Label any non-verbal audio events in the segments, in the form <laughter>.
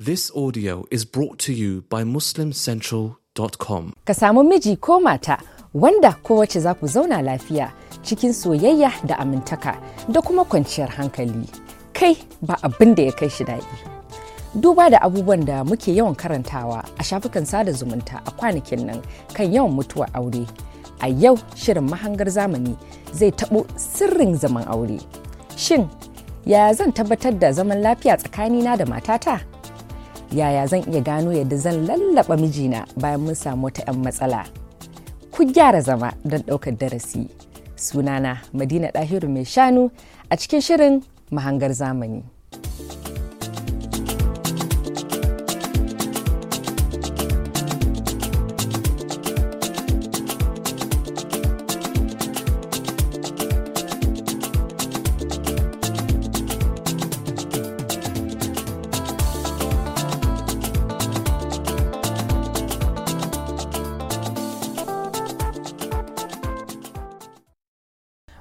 This audio is brought to you by MuslimCentral.com. Ka samu miji ko mata wanda kowace za ku zauna lafiya cikin soyayya da amintaka da kuma kwanciyar hankali. Kai ba abin da ya kai shi daɗi. Duba da abubuwan da muke yawan karantawa a shafukan sada zumunta a kwanakin nan kan yawan mutuwar aure. A yau shirin mahangar zamani zai taɓo sirrin zaman aure. Shin, ya zan tabbatar da zaman lafiya tsakanina da matata? yaya zan iya gano yadda zan lallaba mijina bayan mun samu wata 'yan matsala ku gyara zama don ɗaukar darasi sunana madina ɗahiru mai shanu a cikin shirin mahangar zamani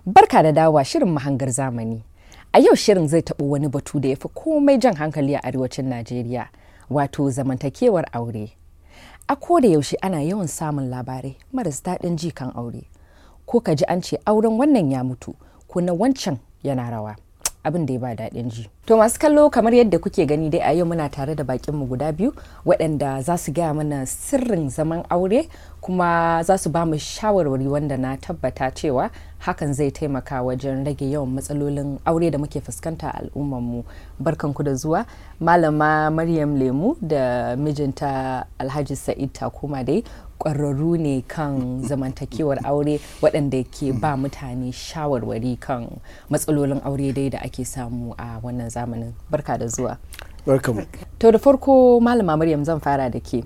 Barka da dawa shirin mahangar zamani. A yau shirin zai taɓo wani batu da ya fi komai jan hankali a arewacin Najeriya, wato zamantakewar aure. A ko da yaushe ana yawan samun labarai maras daɗin ji kan aure. Ko ka ji an ce auren wannan ya mutu, ko na wancan yana rawa. abin da ya ba daɗin ji to masu kallo kamar yadda kuke gani dai a yau muna tare da bakin mu guda biyu waɗanda za su gaya mana sirrin zaman aure kuma za su ba mu shawarwari wanda na tabbata cewa hakan zai taimaka wajen rage yawan matsalolin aure da muke fuskanta a barkan ku da zuwa malama maryam lemu da mijinta alhaji sa'id takuma dai kwararru ne kan zamantakewar aure waɗanda ke ba mutane shawarwari kan matsalolin aure dai da ake samu a wannan zamanin barka da zuwa to da farko malama maryam zan fara da ke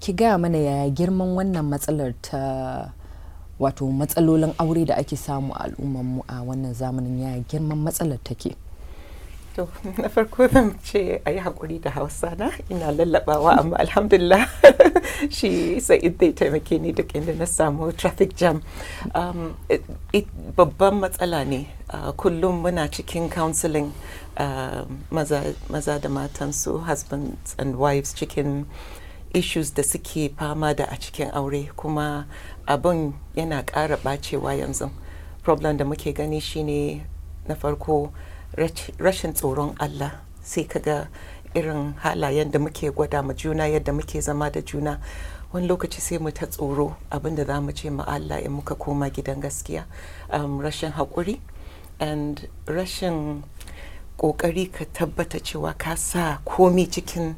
ki gaya mana ya girman wannan matsalar ta wato matsalolin aure da ake samu a mu a wannan zamanin ya girman matsalar take to <laughs> na farko zan ce a yi haƙuri da hausa na ina lallabawa amma alhamdulillah <laughs> <laughs> shi sa'id zai taimake ni duk inda na samu traffic jam um, babban matsala ne uh, kullum muna cikin counseling uh, maza, maza da matansu husbands and wives cikin issues da suke fama da a cikin aure kuma abin yana ƙara bacewa yanzu problem da muke gani shine na farko rashin tsoron allah sai kaga irin halayen da muke gwada ma juna yadda muke zama da juna wani lokaci sai mu ta tsoro abin da za mu ce ma Allah in muka koma gidan gaskiya um, rashin haƙuri and rashin ƙoƙari ka tabbata cewa ka sa komi cikin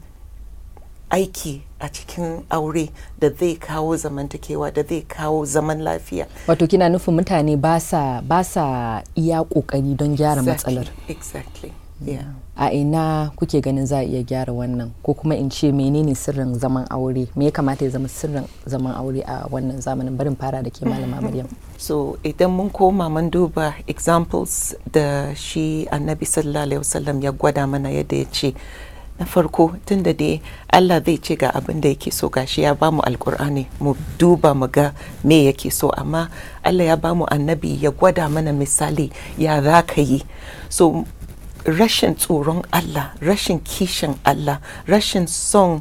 aiki a cikin aure da zai kawo zamantakewa da zai kawo zaman lafiya. Wato kina nufin mutane ba sa iya ƙoƙari don gyara matsalar. exactly. a ina kuke ganin za a iya gyara wannan ko kuma in ce menene sirrin zaman aure me ya kamata ya zama sirrin zaman aure a wannan zamanin barin fara da ke malama maryam <laughs> so idan mun koma mun duba examples da shi annabi sallallahu alaihi wasallam ya gwada mana yadda ya ce na farko tun da dai Allah zai ce ga abin da yake so gashi ya bamu alkur'ani mu duba mu ga me yake so amma Allah ya bamu annabi ya gwada mana misali ya za ka yi so rashin tsoron Allah rashin kishin Allah rashin son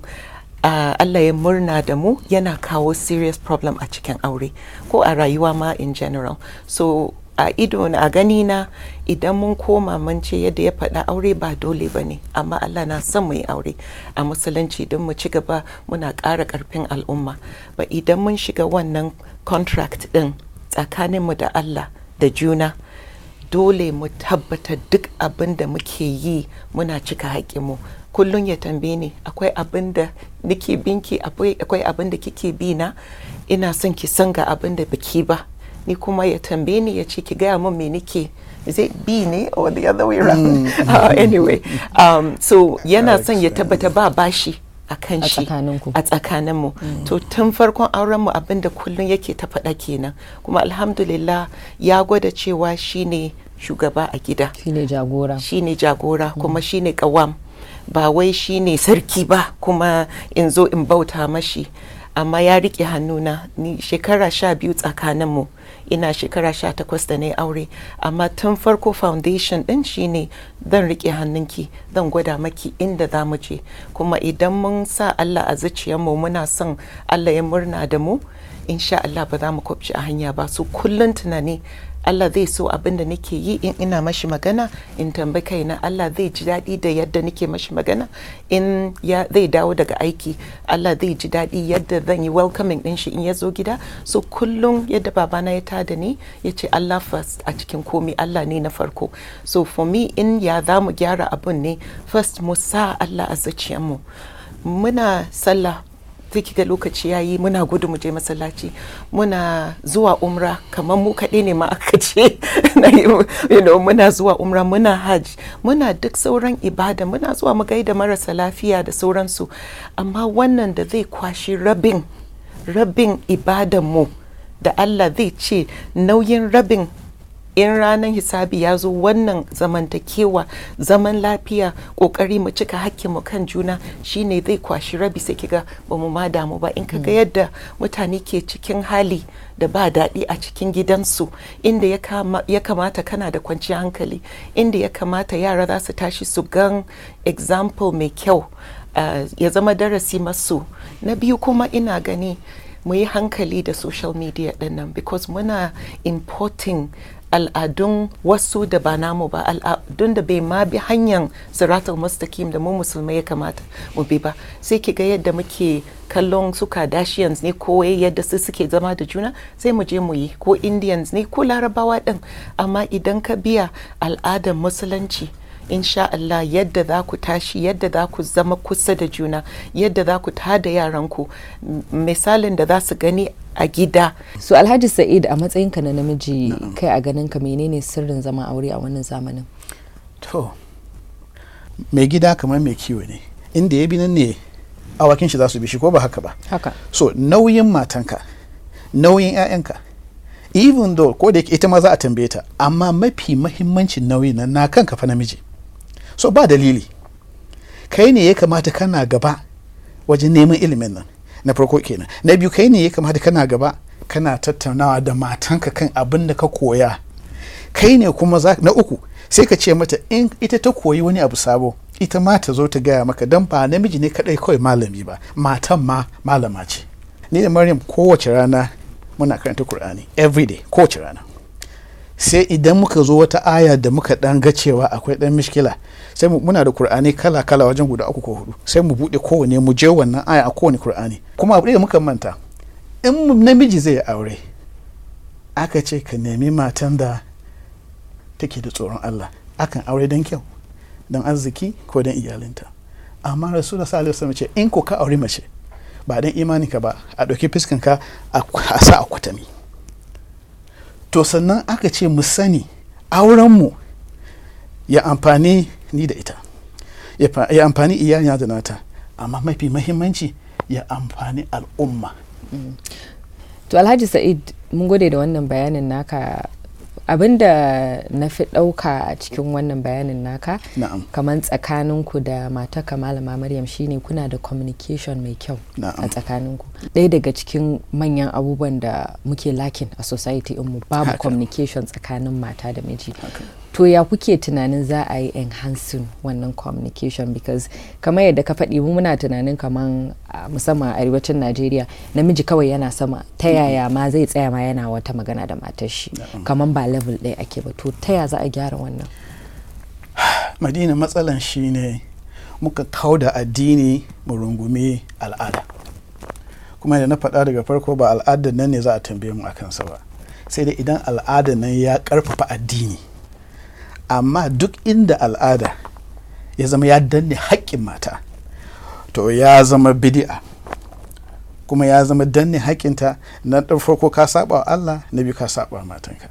uh, Allah ya murna da mu yana kawo serious problem a cikin aure ko a rayuwa ma in general so a ido na a gani na idan mun koma mun ce yadda ya faɗa aure ba dole ba ne amma Allah na son mu yi aure a musulunci don mu ci gaba muna ƙara ƙarfin al'umma ba idan mun shiga wannan contract ɗin tsakaninmu da Allah da juna dole mu tabbatar duk abin da muke yi muna cika haƙƙinmu kullum ya tambaye ni akwai abin da nake binki akwai abin da kike bi na ina son ki san ga abin da biki ba ni kuma ya tambaye ni ya ce ki gaya min me nake zai bi ne or the other way around mm. <laughs> uh, anyway um, so yana son ya tabbata ba bashi a kan shi a tsakanin mu mm. to tun farkon auren mu abinda kullum yake ta faɗa kenan kuma alhamdulillah ya gwada cewa shine shugaba a gida shine jagora shine jagora mm. kuma shine kawam ba wai shine sarki ba kuma in zo in bauta mashi amma ya riƙe hannuna ni shekara sha biyu tsakanin mu ina shekara sha takwas da na yi aure amma tun farko foundation din shine zan rike hannunki zan gwada maki inda za mu je kuma idan mun sa Allah a zuciyarmu muna son Allah ya murna da mu insha Allah ba za mu kwabci a hanya ba su kullum tunani Allah zai so abin da nake yi in ina mashi magana in tambi kaina Allah zai ji daɗi da yadda nake mashi magana in ya zai dawo daga aiki Allah zai ji daɗi yadda zan yi welcoming ɗin shi in ya zo gida so kullum yadda babana ya tada ni ya ce Allah first a cikin komi Allah ne na farko so for me in ya za mu gyara abun ne first mu sa Allah a zuciyarmu muna sallah ki ga lokaci ya yi muna gudu mu je masallaci muna zuwa umra kamar mu kaɗai ne ma aka ce <laughs> muna zuwa umra muna hajj muna duk sauran ibada muna zuwa mu gaida marasa lafiya da sauransu amma wannan da zai kwashi rabin rabin ibadan mu da Allah zai ce nauyin rabin in ranar hisabi ya zo wannan zamantakewa zaman lafiya kokari mu cika hakkin mu kan juna shine zai kwashi rabi sai kiga ba mu ma damu ba in kaga hmm. yadda mutane ke cikin hali da ba daɗi a cikin gidansu inda ya kamata kana da kwanciyar hankali inda ya kamata yara za su tashi su gan example mai kyau uh, ya zama darasi masu na biyu kuma ina gani mu yi hankali da social media dinnan because muna importing al'adun wasu da ba namu ba al'adun da bai ma bi hanyar siratul mustakim da mu musulmai ya kamata mu bi ba sai ki ga yadda muke kallon su Kardashians ne ko yadda su suke zama da juna sai mu je mu yi ko Indians ne ko Larabawa din amma idan ka biya al'adar musulunci insha Allah yadda za ku tashi yadda za ku zama kusa da juna yadda za ku tada yaranku misalin da za su gani a gida so alhaji sa'id a matsayinka na namiji kai a ganin ka menene sirrin zama aure a wannan zamanin to mai gida kamar mai kiwo ne inda ya bi nan ne awakin shi za su bi shi ko ba haka ba haka so nauyin matanka nauyin 'ya'yanka even though ko da ita ma za a tambaye ta amma mafi mahimmancin nauyin nan na kanka fa namiji so ba dalili kai ne ya kamata kana gaba wajen neman ilimin nan na farko kenan na biyu kai ne ya kamata kana gaba kana tattaunawa da matanka kan abin da ka koya kai ne kuma na uku sai ka ce mata in ita ta koyi wani abu sabo ita ma ta zo ta gaya maka don ba namiji ne kadai kawai malami ba matan ma malama ce ni da maryam kowace rana muna karanta kur'ani everyday kowace rana sai idan muka zo wata aya da muka dan ga cewa akwai dan mishkila sai mu, muna da qur'ani kala kala wajen guda uku ko hudu sai mu bude kowane mu je wannan aya a kowane qur'ani kuma abu da muka manta in namiji zai aure aka ce ka nemi matan da take da tsoron Allah akan aure dan kyau don arziki ko dan iyalinta amma rasulullahi sallallahu alaihi ce in ko ka aure mace ba dan imani ka ba a ɗauki fiskan ka a sa a kwatami to sannan aka ce mu sani aurenmu ya amfani ni da ita ya amfani iyayen da nata amma mafi mahimmanci ya amfani al'umma mm. to alhaji sa'id mun gode da wannan bayanin naka abin da na fi ɗauka a cikin wannan bayanin naka kamar ku da mata malama maryam shine kuna da communication mai kyau a tsakaninku ɗaya daga cikin manyan abubuwan da muke lakin a society mu babu communication tsakanin mata da miji to ya kuke tunanin za a yi enhancing wannan communication because kamar yadda ka faɗi muna tunanin kamar musamman a arewacin najeriya namiji kawai yana sama ta yaya ma zai tsaya ma yana wata magana da matar shi kamar ba level ɗaya ake ba to ta yaya za a gyara wannan <sighs> madina matsalan shi ne muka kauda addini mu rungumi al'ada kuma da na faɗa daga farko ba al'adar nan ne za a tambaye mu a sa ba sai dai idan al'adar nan ya ƙarfafa addini amma duk inda al'ada ya zama ya danne haƙƙin mata to ya zama bidi'a kuma ya zama danne haƙƙinta na ɗan farko ka saba wa Allah na biyu ka saba wa matanka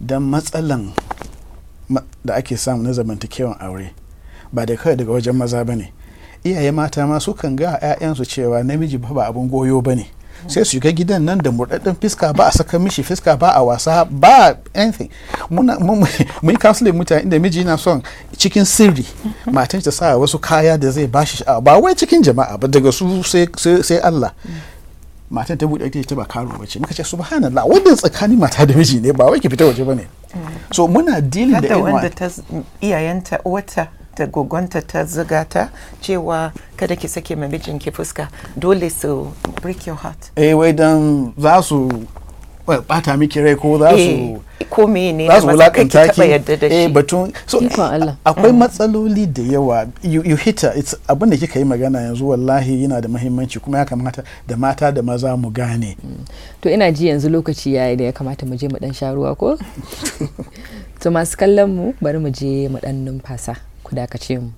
don matsalan da ake samu na zamantakewan aure ba da kawai daga wajen maza ba ne iyaye mata ma sukan ga 'ya'yansu cewa namiji ba abin goyo ba ne. sai su ga gidan nan da murɗaɗɗen fiska ba a saka mishi fiska ba a wasa ba anything muna mun counseling mutane inda miji yana son cikin sirri mm-hmm. matan ta sa wasu kaya da zai bashi sha'awa ba wai cikin jama'a ba daga su sai Allah mm. matan ta buɗe ta ce ba karo ce muka ce subhanallah wannan tsakanin mata da miji ne ba wai ki fita waje bane mm. so muna dealing da wanda ta iyayenta uwarta ta gogonta ta zuga ta cewa kada ki sake ma mijinki fuska dole su break your heart eh wai dan za su bata miki rai ko za su eh, ko mene za su taba yadda da eh batun so akwai mm. matsaloli da yawa you hit it's abin da kika yi magana yanzu wallahi yana da muhimmanci kuma ya kamata da mata da maza mu gane mm. to ina ji yanzu lokaci yayi da ya kamata mu je mu dan sharuwa ko <laughs> to masu kallon mu bari mu je mu dan numfasa ku dakace mu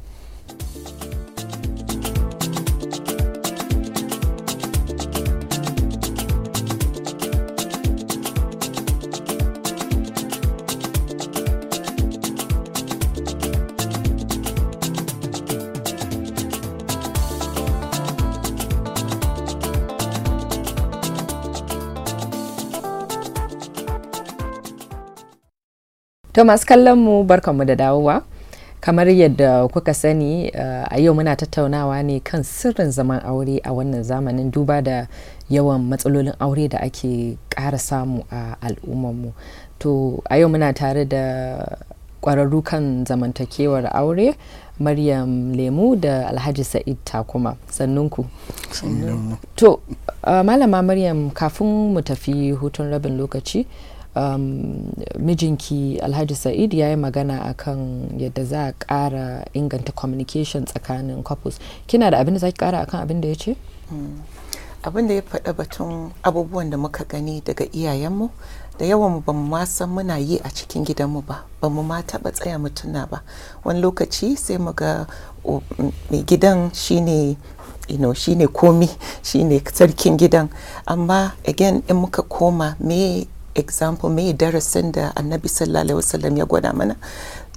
To masu kallon mu barkanmu da dawowa. kamar yadda kuka sani eh, a yau muna tattaunawa ne kan sirrin zaman aure a wannan zamanin duba da yawan matsalolin aure da ake ƙara samu a al'ummarmu to a yau muna tare da ƙwararru kan zamantakewar aure maryam lemu da alhaji sa'id takuma sannunku to eh, malama maryam kafin mu tafi hutun rabin lokaci um, mijinki alhaji sa'id ya yi magana akan yadda za a ƙara inganta communication tsakanin couples kina da abin da za ki ƙara akan abin da ya ce hmm. abin da ya faɗa batun abubuwan da muka gani daga iyayenmu da yawan ba mu ma san muna yi a cikin gidanmu ba ba mu ma taɓa tsaya mutuna ba wani lokaci sai mu ga mai gidan shine you know, shine komi shine sarkin gidan amma again in muka koma me example mai darasin da annabi sallallahu alaihi wasallam ya gwada mana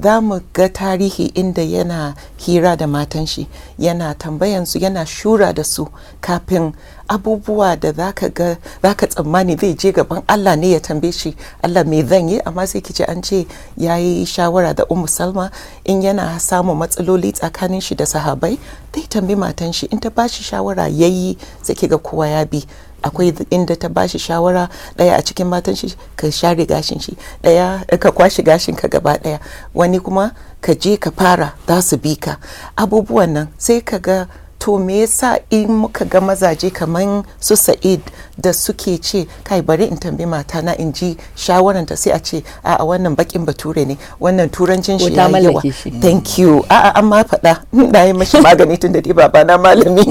za mu ga tarihi inda yana hira da matan shi yana tambayan su yana shura da su kafin abubuwa da za ka tsammani zai je gaban Allah ne ya tambaye shi Allah mai zan yi amma sai kici an ce ya yi shawara da Ummu Salma in yana samun matsaloli tsakanin shi da sahabai zai tambi matan shi in ta ba shi shawara yayi sai ga kowa ya bi akwai inda ta bashi shawara daya a cikin matan shi ka share gashin shi daya ka kwashi gashin ka gaba daya wani kuma ka je ka fara za su bi ka abubuwan nan sai ka ga to me yasa in muka ga mazaje kaman su sa'id da suke ce kai bari in tambi mata na in ji shawaranta sai a ce a a wannan bakin bature ne wannan turancin shi ya yawa thank you a a an ma faɗa <laughs> na yi mashi magani tun da dai baba na malami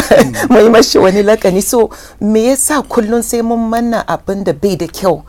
<laughs> mai mashi wani lakani so me yasa kullun sai mun manna abin da bai da kyau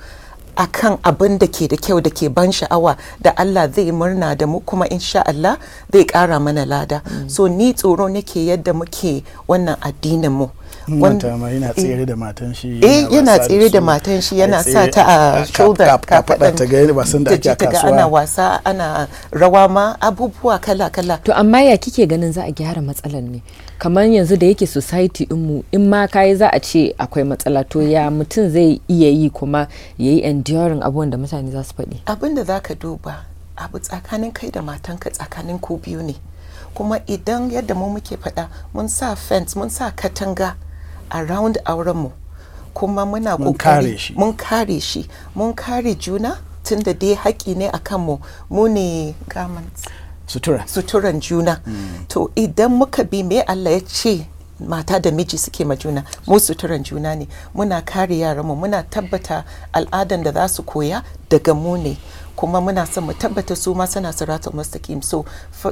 akan abin da ke da kyau da ke ban sha'awa da Allah zai murna da mu kuma insha Allah zai ƙara mana lada mm. so ni tsoro nake yadda muke wannan addinin mu manta ma yana eh. tsere da matan shi eh yana tsere da matan shi yana eh, sa ta a eh, shoulder fada ta ga wasan da ake kasuwa ana wasa ana rawa ma abubuwa kala kala to amma ya kike ganin za a gyara matsalar ne kamar yanzu da yake society mu in ma kai za a ce akwai matsala to ya mutum zai iya yi kuma yayi enduring abubuwan da mutane za su faɗi abin zaka duba abu tsakanin kai da matanka tsakanin ku biyu ne kuma idan yadda mu muke faɗa mun sa fence mun sa katanga around mu kuma muna kokari mun kare shi mun kare juna tun da dai haƙi ne a kanmu mu ne suturan juna hmm. to idan muka bi me Allah ya ce mata da miji suke ma juna mu suturan juna ne muna kare yaranmu muna tabbata al'adan da za su koya daga mu ne kuma muna son mu tabbata su ma suna siratul mustaqim so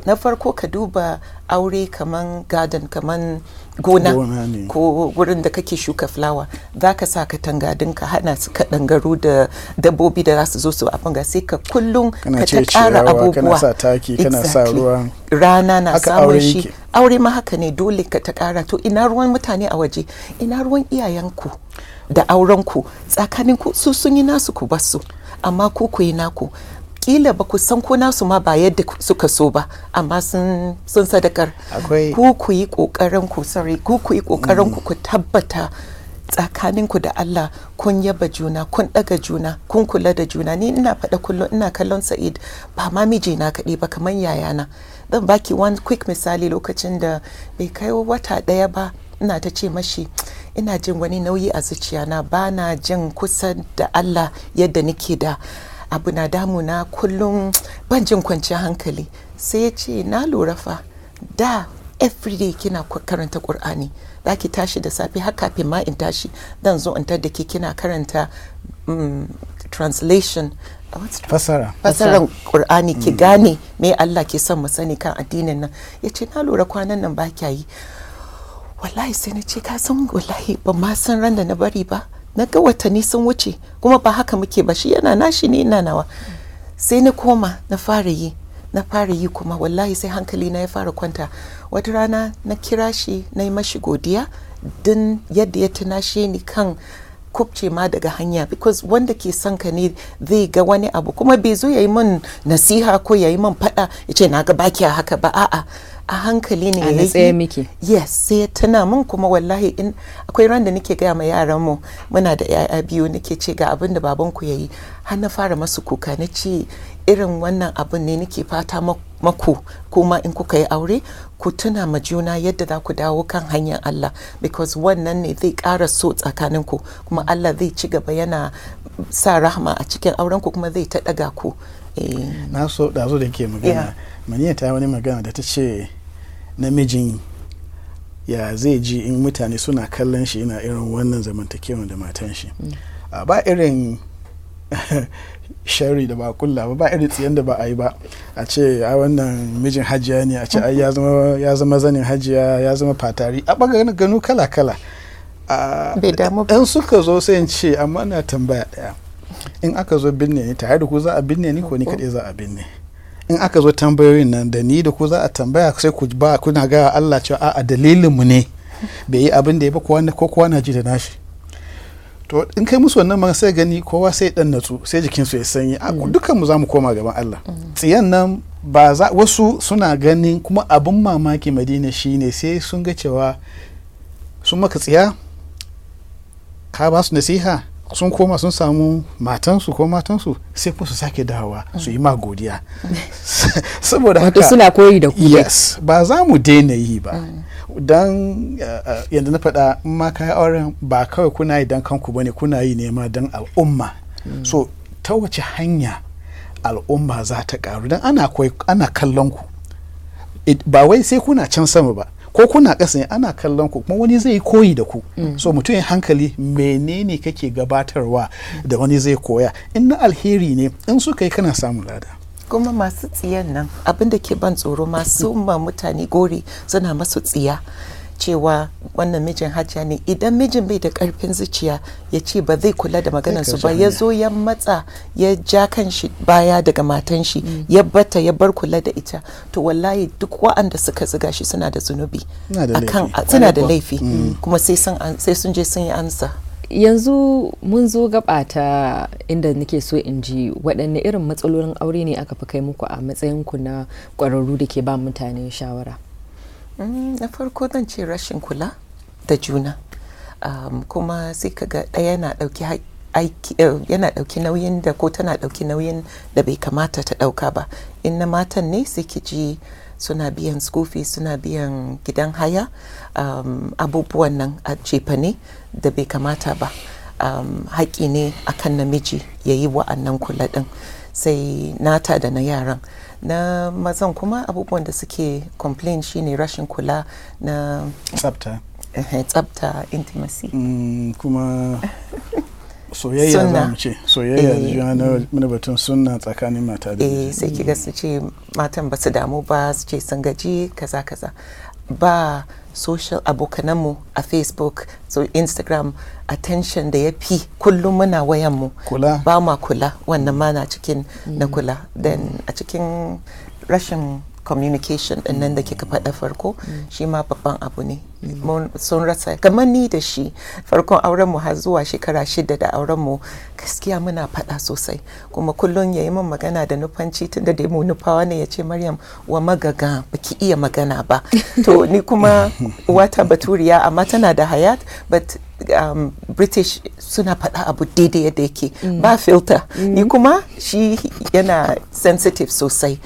na farko ka duba aure kaman garden kaman gona ko wurin da kake shuka flower za ka sa katanga din ka hana su ka dangaro da dabbobi da za su zo su abin ga sai ka kullum ka ta kara abubuwa kana sa taki kana sa ruwa rana na samun shi aure ma haka ne dole ka ta kara to ina ruwan mutane a waje ina ruwan iyayenku da aurenku tsakaninku su sun yi nasu ku basu amma ku ku yi naku kila ba ku san ko nasu ma ba yadda suka so ba amma sun sadakar ku ku yi kokarin ku sorry ku ku yi kokarin ku mm. ku tabbata tsakanin ku da Allah kun yaba juna kun daga juna kun kula da juna ni ina faɗa kullum ina kallon Sa'id ba ma mijina kaɗai ba kamar yayana zan baki one quick misali lokacin da bai kai wata ɗaya ba ina ta ce mashi ina jin wani nauyi a zuciyana ba na jin kusa da Allah yadda nake da abu na damuna kullum ban jin kwanciyar hankali sai ya ce na lura fa da everyday kina karanta ƙur'ani za ki tashi da safe har kafin ma in tashi dan zo in da ke kina karanta um, translation fasara fasaran ƙur'ani ki mm. gane me Allah ke son mu sani kan addinin nan ya ce na lura kwanan nan ba kya yi wallahi sai na ce ka san wallahi ba ma san ran da na bari ba na ga watanni sun wuce kuma ba haka muke ba shi yana nashi ne ina nawa sai na koma na fara yi na fara yi kuma wallahi sai hankali na ya fara kwanta wata rana na kira shi na yi mashi godiya din yadda ya tunashe ni kan kubce ma daga hanya because wanda ke son ka ne zai ga wani abu kuma bai zo ya yi min nasiha ko ya yi min fada ya ce na ga baki a haka ba a'a a hankali ne ya yi miki yes sai ya tuna min kuma wallahi in akwai ran da nake gaya ma yaran mu muna da yaya biyu nake ce ga abin da baban ku yayi har na fara masu kuka na ce irin wannan abin ne nake fata maku kuma in kuka yi aure ku tuna ma juna yadda za ku dawo kan hanyar Allah because wannan ne zai kara so tsakanin ku kuma Allah zai ci gaba yana sa rahma a cikin aurenku kuma zai ta ɗaga ku eh. na so da zo da ke magana maniya ta wani magana da ta ce namijin ya zai ji in mutane suna kallon shi yana irin wannan zamantakewa da matan shi mm. ba irin shari da ba kulla ba ba irin tsayen da ba a yi ba a ce a wannan mijin hajiya ne a ce ai ya zama zanin hajiya ya zama fatari a ɓangaren gano kala kala ɗan suka zo sai in ce amma na tambaya daya in aka zo binne ni tare da ku za a binne ni ko ni kaɗai za a binne in aka zo tambayoyin nan da ni da ku za a tambaya sai ku ba kuna gaya Allah cewa a'a mu ne bai yi abin da ya ba ko kowa na ji da nashi to in kai musu wannan magana sai gani kowa sai dan natsu sai jikin su ya sanyi mm. dukkan mu zamu koma gaban Allah mm. tsiyan nan ba za wasu suna ganin kuma abin mamaki Madina shine sai sun ga cewa sun maka tsiya ka ba su nasiha sun koma sun samu matansu ko matansu sai ko su sake dawowa su yi ma godiya <laughs> saboda haka suna koyi da ku yes ba za mu daina yi ba mm. don eh, eh, yadda na faɗa ma ma yi auren ba kawai kuna yi don kanku bane kuna yi nema don al'umma mm. so ta wace hanya al'umma za ta karu don ana kallon ku ba wai sai kuna can sama ba ko kuna ƙasa ne ana kallon ku kuma wani zai koyi da ku mm. so mutum hankali menene kake gabatarwa da wani zai koya in na alheri ne in suka yi kana samun lada kuma masu tsiyan nan abin da ke ban tsoro masu ma mutane gori suna masu tsiya cewa wannan mijin hajja ne idan mijin bai da karfin zuciya ya ce ba zai kula da maganar su ba ya zo ya matsa ya ja kan shi baya daga matan shi mm. ya bata ya bar kula da ita to wallahi duk wa'anda suka ziga shi suna da zunubi suna da laifi mm. kuma sai sun je sun yi ansa yanzu mun zo gaba ta inda nake so in ji waɗanne irin matsalolin aure ne aka fi kai muku a matsayinku na ƙwararru da ke ba mutane shawara Mm, na farko zan ce rashin kula da juna um, kuma sai ga ɗaya na ɗauki eh, yana ɗauki nauyin da ko tana ɗauki nauyin da bai kamata ta ɗauka ba in na matan ne sai ki ji suna biyan skufi suna biyan gidan haya um, abubuwan nan a cefa ne da bai kamata ba um, haƙi ne akan namiji ya yi wa'annan kula ɗin. sai nata da na yaran na mazan kuma abubuwan da suke complain shine rashin kula na tsabta tsabta intimacy mm, kuma soyayya za mu ce soyayya juna eh. na batun suna tsakanin mata da eh sai kiga su ce matan ba su damu ba su ce sun gaji kaza kaza ba social abokananmu a facebook so instagram attention da ya fi kullum muna wayan mu ba ma kula wannan ma na cikin na mm. kula then a cikin rashin communication din nan da mm. kika faɗa farko mm. shi ma babban abu ne mm. sun rasa kamar ni da shi farkon auren mu har zuwa shekara shida da auren mu gaskiya muna faɗa sosai kuma kullum ya yi min magana da nufanci tunda da mu nufawa ne ya ce Maryam wa magaga baki iya magana ba <laughs> to ni kuma wata baturiya amma tana da hayat but um, british suna faɗa abu daidai yadda yake mm. ba filter ni kuma shi yana sensitive sosai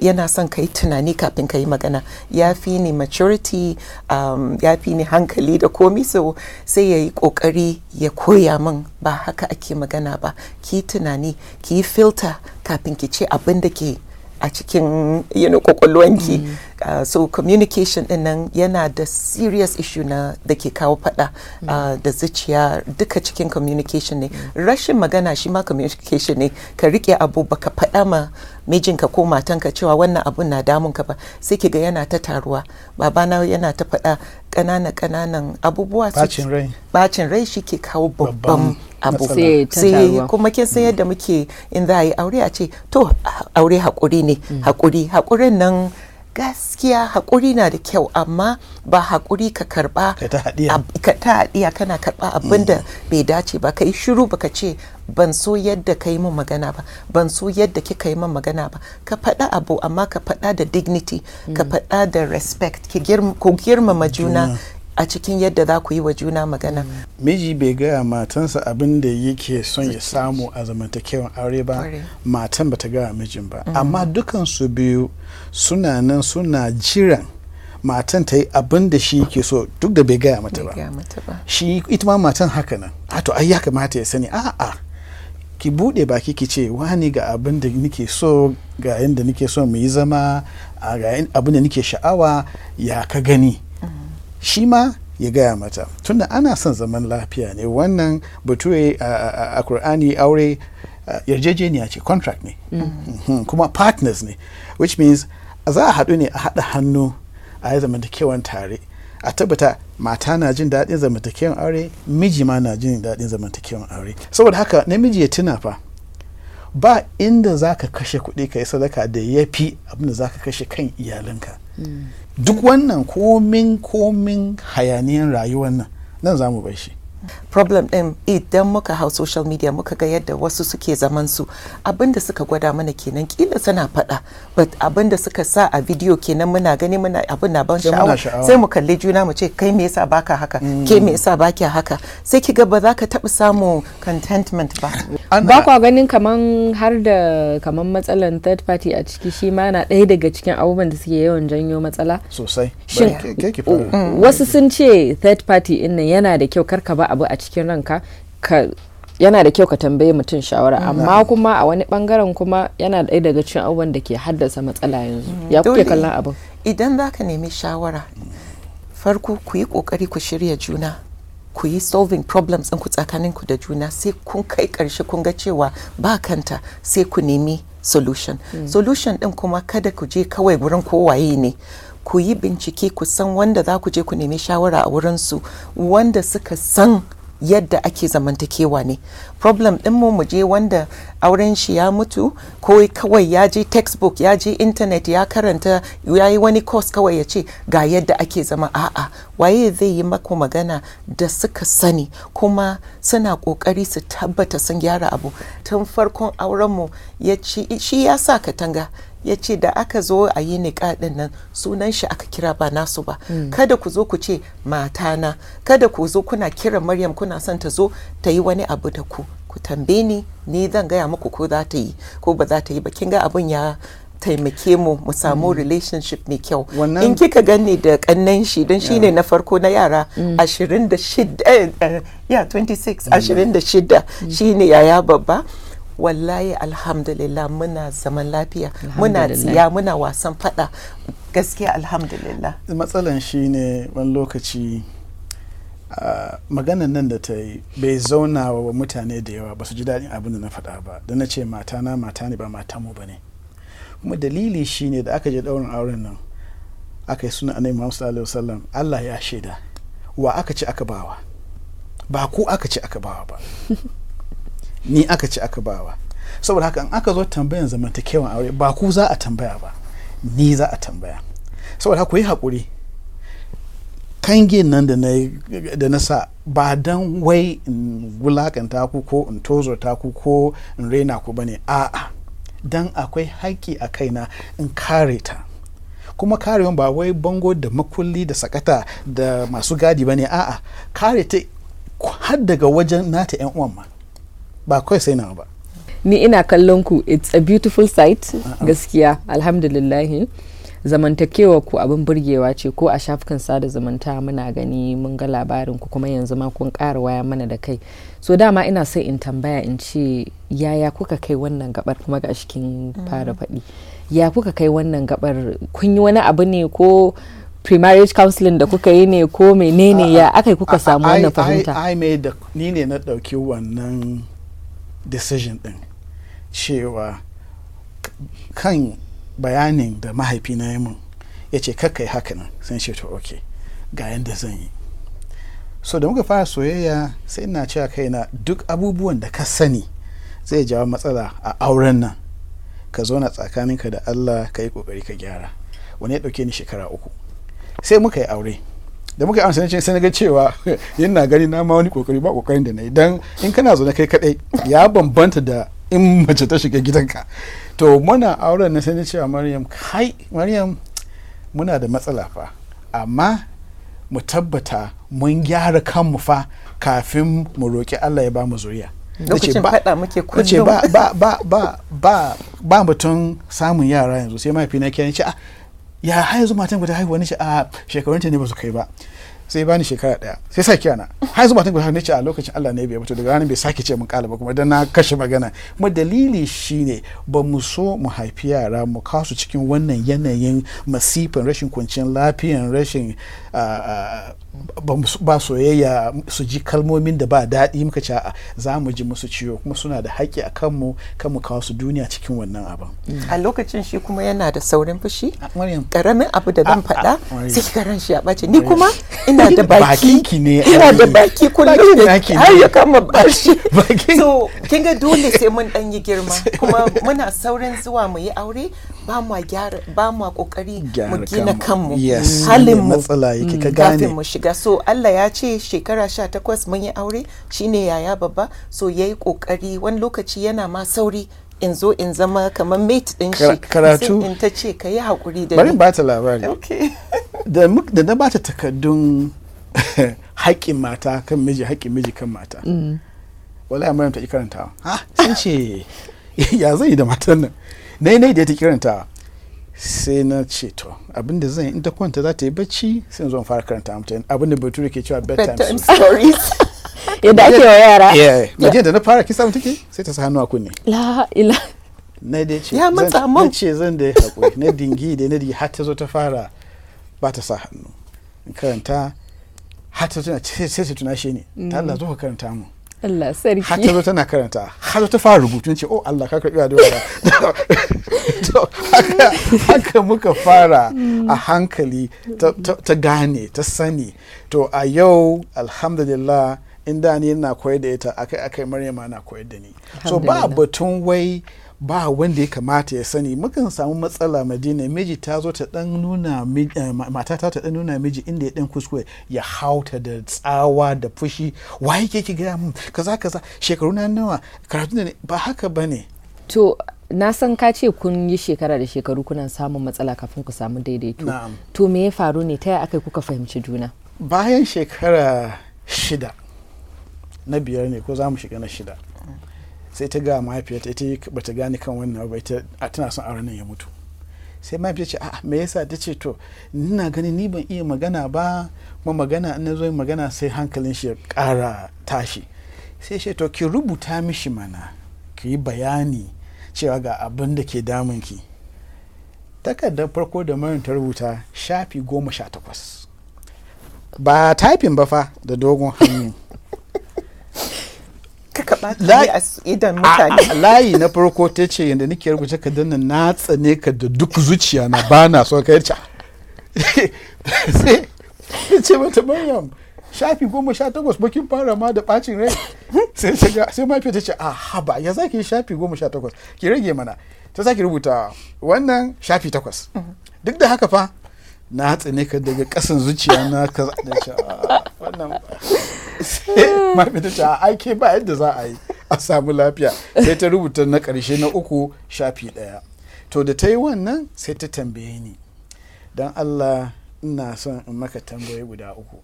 yana son ka tunani kafin ka yi magana ya fi ni maturity um, ya fi ni hankali da komi so sai ya yi kokari ya koya min ba haka ake magana ba ki tunani ki filter kafin ki ce abinda ke a cikin you know, kwakwalwanki mm. Uh, so communication din nan yana da serious issue na da ke kawo fada uh, da zuciya duka cikin communication ne rashin magana shi ma communication ne ka rike abu baka fada ma mijinka ko matanka cewa wannan abun na damun ka ba sai ki ga yana ta taruwa babana yana ta fada kanana kananan abubuwa bacin rai bacin rai shi ke kawo babban abu sai kuma kin san yadda muke in za a yi aure a ce to aure hakuri ne mm. hakuri hakurin nan gaskiya haƙuri na da kyau amma ba haƙuri ka karɓa ka ta haɗiya kana karɓa abin da mm. bai dace ba ka yi shiru ba ka ce ban so yadda ka yi min magana ba ban so yadda kika yi min magana ba ka faɗa abu amma ka faɗa da dignity ka mm. faɗa da respect ko girmama juna a cikin yadda za ku yi wa juna magana. Miji bai gaya matansa abin da yake son ya samu a zamantakewan aure ba, matan bata gaya mijin ba. Mm. Amma dukan biyu suna nan suna jiran matan ta yi abin da shi ke so duk da bai gaya mata ba. Shi ita ma matan haka nan. to ai ya kamata ya sani a'a. ki bude baki ki ce wani ga abin da nike so ga yadda nike so mu yi zama ga abin da nike sha'awa ya ka gani shi ma ya gaya mata tunda ana son zaman lafiya ne wannan bature a kur'ani aure yarjejeniya ce contract ne mm. mhm. kuma partners ne which means za a haɗu ne a haɗa hannu a yi zamantakewan tare a tabbata mata na jin daɗin zamantakewan aure miji ma na jin daɗin zamantakewan aure saboda haka namiji ya tuna fa ba inda za ka kashe kuɗi ka yi sadaka da ya fi abinda za ka kashe kan iyalinka mm. duk wannan komin komin hayaniyan rayuwar nan nan za mu bar shi problem ɗin idan muka hau social media muka ga yadda wasu suke zaman su abinda suka gwada mana kenan kila suna faɗa but abinda suka sa a video kenan muna gani muna abin na ban sha'awa sai mu kalli juna mu ce kai me yasa baka haka ke me mm. yasa baki haka sai kiga ba za ka taɓa samun contentment ba ba kwa ganin kaman har da kaman matsalan third party a ciki shi ma na ɗaya daga cikin abubuwan da suke yawan janyo matsala sosai shin mm. wasu sun ce third party in nan yana da kyau karka ba abu a cikin ranka ka yana da kyau ka tambaye mutum shawara mm. amma kuma a wani bangaren kuma yana ɗaya daga cikin abubuwan da ke haddasa matsala yanzu mm. ya kuke kallon abin idan za ka nemi shawara farko ku yi kokari ku shirya juna ku yi solving problems ku tsakaninku da juna sai kun kai ƙarshe kun ga cewa ba kanta sai ku nemi solution mm. solution ɗin kuma kada ku je kawai wurin kowaye ne ku yi bincike ku san wanda za ku je ku nemi shawara a wurinsu wanda suka san yadda ake zamantakewa ne problem ɗinmu mu je wanda auren shi ya mutu ko kawai ya je textbook ya je internet ya karanta ya yi wani course kawai ya ce ga yadda ake zama a'a waye zai yi maku magana da suka sani kuma suna kokari su tabbata sun gyara abu tun farkon aurenmu ya ci shi ya sa katanga ya ce da aka zo a yi niƙaɗin nan sunan shi aka kira ba nasu ba hmm. kada ku zo ku ce matana kada ku zo kuna kiran maryam kuna son ta zo ta yi wani abu da ku ku tambaye ni ni zan gaya muku ko za ta yi ko ba za ta yi ba kin ga abun ya taimake mu mu samu hmm. relationship mai kyau in kika gani da kannan shi don shine na farko na yara 26 26 shine yaya babba wallahi alhamdulillah muna zaman lafiya muna tsiya muna wasan fada gaskiya alhamdulillah matsalan ne wani lokaci Uh, maganan nan da ta yi bai zauna wa mutane da yawa ba su ji daɗin abin da na faɗa ba da na ce mata na mata ne ba mata mu ba ne kuma dalili shi ne da aka je ɗaurin auren nan aka yi suna anai Muhammad sallallahu wasallam Allah ya shaida wa aka ci aka bawa ba ku aka ci aka bawa ba <laughs> ni aka ci aka bawa saboda haka in aka zo tambayan zamantakewan aure ba ku za a tambaya ba ni za a tambaya saboda haka ku yi haƙuri kange nan da na sa ba don wai in wulakanta ku ko in tozota ku ko in raina ku bane a'a don akwai haƙƙi a kaina in kare ta kuma karewan ba wai bango da makulli da sakata da masu gadi bane a'a kare ta har daga wajen nata 'yan uwan ma ba kawai sai nawa ba ni ina kallon ku it's a beautiful sight gaskiya alhamdulillahi zamantakewa ku abin burgewa ce ko a shafukan sada zumunta muna gani mun ga labarin ku kuma yanzu ma kun ƙara waya mana da kai so dama ina sai in tambaya in ce yaya kuka kai wannan gabar kuma ga cikin mm. fara faɗi ya kuka kai wannan gabar kun yi wani abu ne ko primary counseling da kuka yi ne ko menene ya aka kuka samu wannan fahimta ni ne na ɗauki wannan decision din cewa kan bayanin da mahaifina ya mun ya ce kakai haka nan sun ce to ok ga yadda zan yi so da muka fara soyayya sai ina cewa kaina duk abubuwan da ka sani zai jawo matsala a auren nan ka zo zauna tsakaninka da allah ka yi kokari ka gyara wani ya dauke ni shekara uku sai muka yi aure da muka amsa ne sai na ga cewa <laughs> yana gani na ma wani kokari ba kokarin da na yi dan in kana zo na kai kadai ya bambanta da in mace ta shiga gidanka to muna auren na sai na cewa maryam kai maryam muna da matsala fa amma mu tabbata mun gyara kanmu fa kafin mu roki Allah ya ba mu zuriya lokacin faɗa muke kullum ba ba ba ba ba mutum samun yara yanzu sai mahaifina ke ce ah ya haizu matan ku ta haihu wani a shekarunta ne ba su kai ba sai bani shekara daya sai sa kiyana har zuba tun ne ce a lokacin Allah ne bai mutu daga ranar bai sake ce mun kalaba kuma dan na kashe magana kuma dalili shine ba mu so mu haifi yara mu kasu cikin wannan yanayin masifin rashin kwanciyar lafiyan rashin ba soyayya su ji kalmomin da ba daɗi muka ce za mu ji musu ciwo kuma suna da haƙƙi a kanmu kan mu kawo su duniya cikin wannan abin a lokacin shi kuma yana da saurin fushi ƙaramin abu da zan faɗa sai karan shi ya ɓace ni kuma ina ina da baki ne ina da baki kullum ne har ya kama bashi so kin ga dole sai mun dan yi girma kuma muna saurin zuwa mu yi aure ba mu gyara ba mu kokari mu gina kanmu halin mu mm, kafin mu shiga so Allah ya ce shekara 18 mun yi aure shine yaya babba so yayi kokari wani lokaci yana ma sauri in zo in zama kamar mate din shi karatu in ta ce ka yi hakuri da bari ba ta labari <laughs> da da na bata takaddun <laughs> haƙƙin mata kan miji haƙƙin miji kan mata mm. wala ya ta ki karantawa ha sun ce <laughs> ya zai da matan nan nai nai da ta karantawa sai na ce to abinda zan in ta kwanta za ta yi bacci sai zo fara karanta mata abinda bature ke cewa bedtime stories yadda ake wa yara eh, eh da na fara kisa samu take sai ta sa hannu a kunne la ila na dai ce ya matsa mun na ce zan dai hakuri na dingi da na dingi har ta zo ta fara ba ta sa hannu in karanta har ta tuna sai ta tuna shi ne mm. ta Allah zo ka karanta mu Allah sarki har ta zo tana karanta har ta fara rubutu ce oh Allah ka karbi addu'a <laughs> haka, haka muka fara a hankali ta gane ta sani to a yau alhamdulillah in da ni na koyar da ita akai akai maryama na koyar da ni so ba batun wai ba wanda ya kamata ya sani mukan samu matsala madina miji ta zo ta dan nuna eh, mata ta ta dan nuna miji inda ya dan kuskure ya hauta da tsawa da fushi waye ke ki gaya mun kaza kaza shekaru na nawa karatu ne ba haka bane to na san ka ce kun yi shekara da shekaru kuna samun matsala kafin ku samu daidaito to me ya faru ne ta aka kuka fahimci juna bayan shekara shida na biyar ne ko za mu shiga na shida sai ta ga mahaifiyarta ita ba ta gane kan wannan ba ta a tana son auren nan ya mutu sai mahaifiyar ce a me yasa ta ce to ina gani ni ban iya magana ba kuma magana na zo magana sai hankalin shi ya kara tashi sai ce to ki rubuta mishi mana ki yi bayani cewa ga abin da ke damun ki takardar farko da marin ta rubuta shafi goma sha takwas ba taifin ba fa da dogon hannu ka bata a idan mutane <laughs> layi na farko ta ce yadda nake rubuce ka na tsane ka da duk zuciya na ba na so ka yarda <laughs> sai ce mata maryam shafi goma sha takwas bakin fara ma da bacin rai sai ma fi mafi ta ce a ah, haba ya zaki shafi goma sha takwas ki rage mana ta sake rubuta wannan shafi takwas duk da haka fa na tsane ka daga kasan zuciya na kaza da ah, wannan sai <laughs> ta ke ba yadda za a yi a samu lafiya sai ta rubuta na ƙarshe na uku shafi ɗaya to da ta yi wannan sai ta tambaye ni don allah ina son in maka tambaye guda uku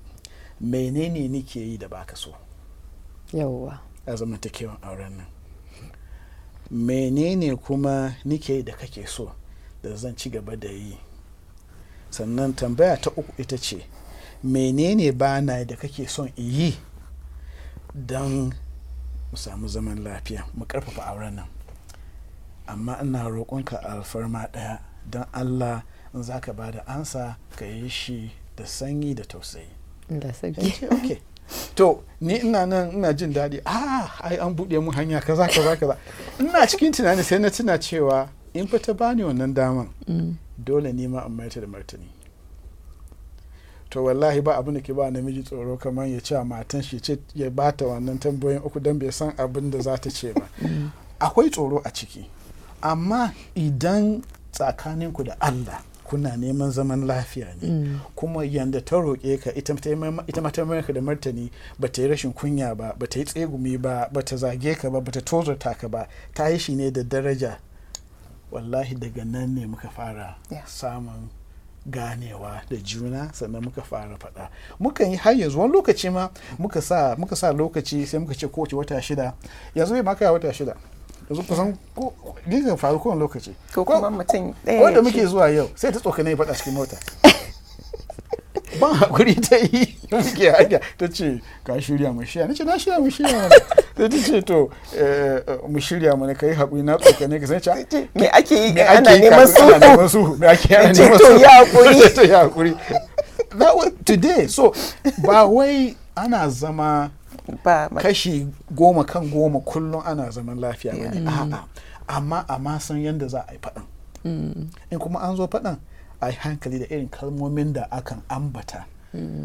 menene nike yi da baka so yawwa a zamantakewan auren nan menene kuma nike yi da kake so da zan ci gaba da yi sannan tambaya ta uku ita ce menene bana da kake son in yi don mu samu zaman lafiya mu karfafa auren nan amma ina roƙonka alfarma ɗaya don allah in za ka ba ansa ka yi shi da sanyi da tausayi to ni ina nan ina jin daɗi ah ai an buɗe mu hanya kaza kaza kaza ina cikin tunani sai na tuna cewa in fa ta bani wannan daman mm. dole ne ma in mayar da martani to wallahi ba abin da ke ba namiji tsoro kamar ya ce matan shi ce ya bata wannan tambayoyin uku don bai san abin da za ta ce ba akwai tsoro a ciki amma idan tsakaninku da allah kuna neman zaman lafiya ne mm. kuma yanda ta roƙe ka ita ka da martani ba ta yi rashin kunya ba ba ta yi tsegumi ba ba ta zage ka ba ba ta tozarta ka ba ta yi shi ne da daraja wallahi daga nan ne muka fara samun ganewa da juna sannan muka fara fada mukan yi har yanzu wani lokaci ma muka sa muka sa lokaci sai muka ce kowace wata shida yanzu bai maka wata shida yanzu kusan ko faru kowane lokaci ko kuma mutum ɗaya ko da muke zuwa yau sai ta tsokane ya faɗa cikin mota ban hakuri ta yi suke hanya ta ce ka shirya mu shirya nace na shirya mu shirya mana sai ta ce to eh, mu shirya mana kai hakuri na tsoka ne ka sanci me ake yi ana neman su ana neman su me ake ana neman su to ya hakuri to ya hakuri that was today so ba wai ana zama kashi goma kan goma kullum ana zaman lafiya ba ne a'a amma amma san yadda za a yi faɗan mm. in kuma an zo faɗan a hankali da irin kalmomin da akan ambata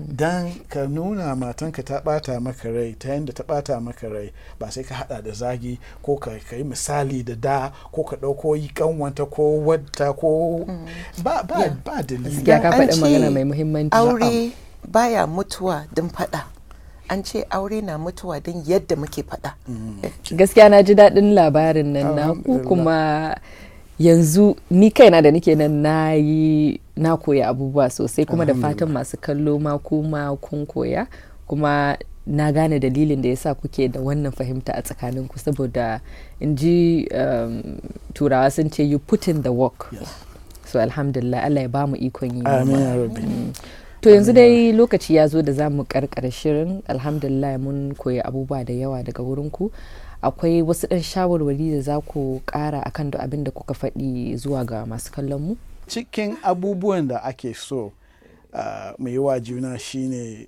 don ka nuna matanka ta bata maka rai ta yadda ta bata maka rai ba sai ka hada da zagi ko ka yi misali da da ko ka dauko yi kanwanta ko wadda ko mm. ba ba ba dalili ya ka faɗi magana mai muhimmanci aure baya mutuwa don faɗa an ce aure na mutuwa don yadda muke faɗa mm. gaskiya na ji daɗin labarin nan na kuma yanzu ni kaina da nake nan na yi na koya abubuwa sosai kuma da ah. fatan masu kallo ma kuma kun koya kuma na gane dalilin da yasa kuke da wannan fahimta a tsakanin ku saboda in ji um, turawa sun ce you put in the work so alhamdulillah Allah ya ba mu ikon yi mm. to yanzu dai lokaci ya zo da za mu karkar shirin alhamdulillah mun koyi abubuwa da yawa daga wurinku akwai wasu ɗan shawarwari da za ku ƙara akan da abin da kuka faɗi zuwa ga masu kallon mu cikin abubuwan da ake so ah, mu yi wa juna shine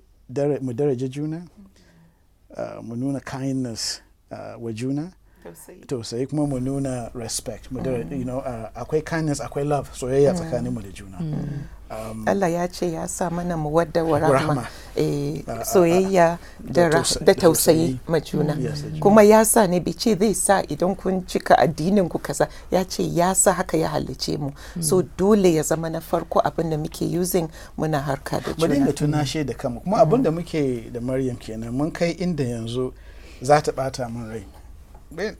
mu daraja juna ah, mu nuna kindness ah, wa juna tausayi kuma mu nuna respect mu akwai kindness akwai love soyayya mm. tsakaninmu da juna mm. um, Allah ya ce ya sa mana mu wadda wa rahma Eh, soyayya da tausayi ma mm, kuma ya sa ne bai zai sa idan kun cika addinin ku kaza ya ce ya sa haka ya halice mu so mm. dole ya zama na farko abin da muke using muna harka da juna mu dinga tunashe da kanmu kuma abin da mm. muke da Maryam kenan mun kai inda yanzu za ta bata min rai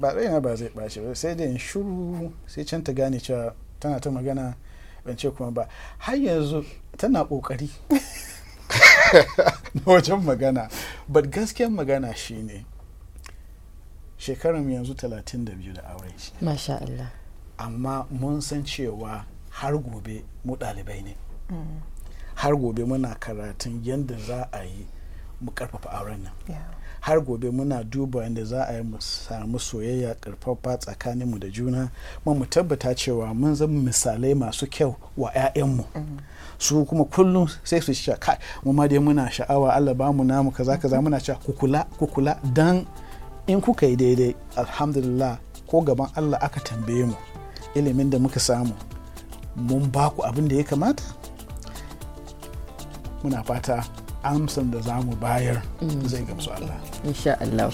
ba raina ba zai bace ba sai da in shuru sai can ta gane cewa tana ta magana ban ce kuma ba har yanzu tana kokari. <laughs> <laughs> na wajen magana but gaskiyar magana shine shekaran yanzu 32 da aure masha Allah amma mun san cewa har gobe mu ɗalibai ne mm. har gobe muna karatun yadda za a yi mu karfafa auren nan har gobe muna duba yadda za a yi mu samu soyayya karfafa tsakanin mu da juna mu tabbata cewa mun zama misalai masu kyau wa 'ya'yanmu mm. su kuma kullum sai su sha kai mu ma dai muna sha'awa Allah ba mu namu kaza kaza muna cewa ku kula ku kula dan in kuka yi daidai alhamdulillah ko gaban Allah aka tambaye mu ilimin da muka samu mun ba ku abin da ya kamata muna fata amsan da za bayar mm. zai gamsu Allah insha Allah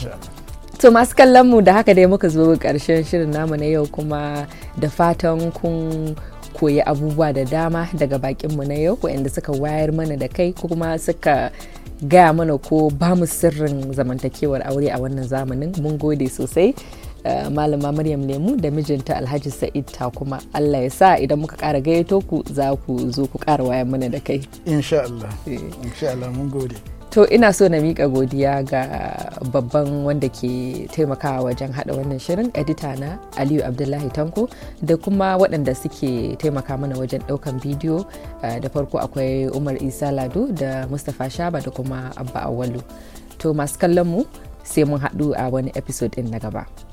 to masu kallon mu da haka dai muka zo karshen shirin namu na yau kuma da fatan kun koyi abubuwa da dama daga bakinmu na yau waɗanda suka wayar mana da kai ko kuma suka gaya mana ko ba mu sirrin zamantakewar aure a wannan zamanin mun gode sosai eh, malama maryam lemu da mijinta alhaji sa'id ta kuma allah ya sa idan muka kara gayyato ku za ku zo ku kara wayar mana da kai insha'Allah eh. mun gode To ina so na miƙa godiya ga babban wanda ke taimakawa wajen haɗa wannan shirin edita na Aliyu Abdullahi Tanko da kuma waɗanda suke taimaka mana wajen ɗaukan bidiyo da farko akwai Umar Isa Lado da Mustapha Shaba da kuma Abba Awalu. To masu kallon mu sai mun haɗu a wani episode ɗin na gaba.